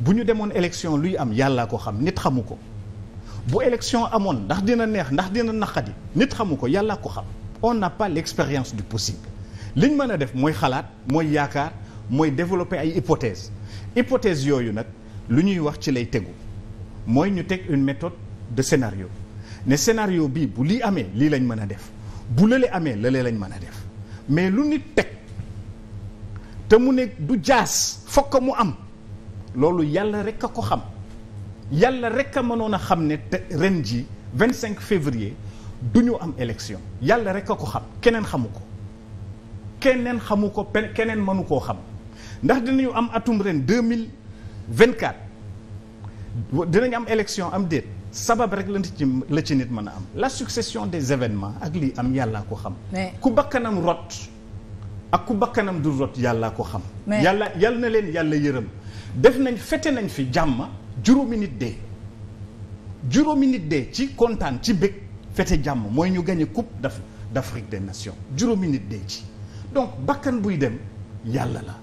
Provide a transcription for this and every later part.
bu ñu demoon élection luy am yàllaa ko xam nit xamu ko bu élection amoon ndax dina neex ndax dina naqadi nit xamu ko yàllaa ko xam on n'a pas l'expérience du possible liñ ñu mën a def mooy xalaat mooy yaakaar mooy développer ay hypothèses hypothèses yooyu nag lu ñuy wax ci lay tegu mooy ñu teg une méthode de scénario ne scénario bi bu lii amee lii lañ mën a def bu lële amee lële lañ mën a def mais lu nit teg te mu ne du jaas fokk mu am loolu yàlla rek a ko xam yàlla rek a mënoon a xam ne te ren ji vingt cinq février du ñu am élection yàlla rek a ko xam keneen xamu ko keneen xamu ko keneen mënu koo xam ndax dinañu am atum ren deux mille vingt quatre dinañ am élection am déet sabab rek la ci la ci nit mën a am la succession des événements ak lii am yàllaa ko xam ku bakkanam rot ak ku bakkanam du rot yàllaa ko xam yàlla yàlla na leen yàlla yërëm def nañ fete nañ fi jàmm juróomi nit dee juróomi nit dee ci kontaan ci bëgg fete jàmm mooy ñu gagné coupe d'Af d'Afrique des Nations juróomi nit dee ci donc bakkan buy dem yàlla la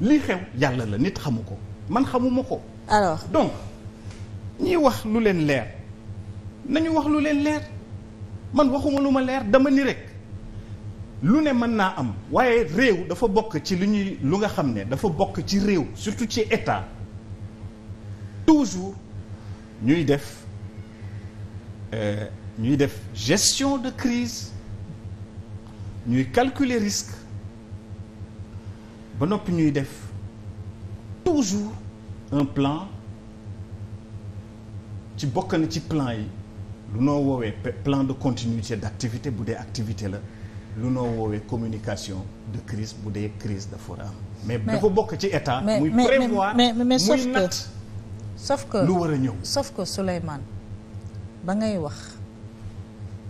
lii xew yàlla la nit xamu ko man xamuma ko. alors donc ñiy wax lu leen leer nañu wax lu leen leer man waxuma lu ma leer dama ni rek. lu ne mën naa am waaye réew dafa bokk ci lu ñuy lu nga xam ne dafa bokk ci réew surtout ci état toujours ñuy def euh, ñuy def gestion de crise ñuy calculer risque ba noppi ñuy def toujours un plan ci bokk na ci plan yi lu noo woowee plan de continuité d'activité bu dee activité la lu noo woowee communication de crise bu dee crise dafa war a am. mais dafa bokk ci état. mais prévoir muy natt sauf que lu war a ñëw. sauf que Souleymane ba ngay wax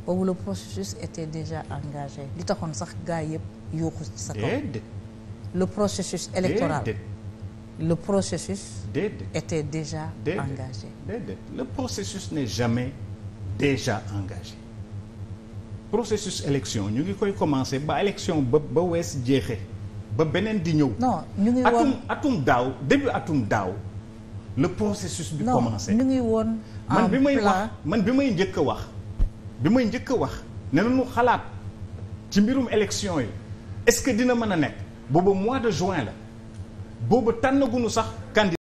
boobu le processus était déjà engagé li taxoon sax gaa yëpp yuuxu sa kaw. le processus électoral le processus. déedéet était déjà engagé. déedéet le processus n'est jamais déjà engagé. processus élection ñu ngi koy commencé ba élection ba ba wees jeexee ba beneen di ñëw. ñu ngi woon atum daaw début atum daaw le processus. bi commencé non ñu woon. man bi may wax man bi may njëkk a wax. bi may njëkk a wax nee nañu xalaat ci mbirum élection yi est-ce que dina mën a nekk booba mois de juin la booba tànnaguñu sax candidat.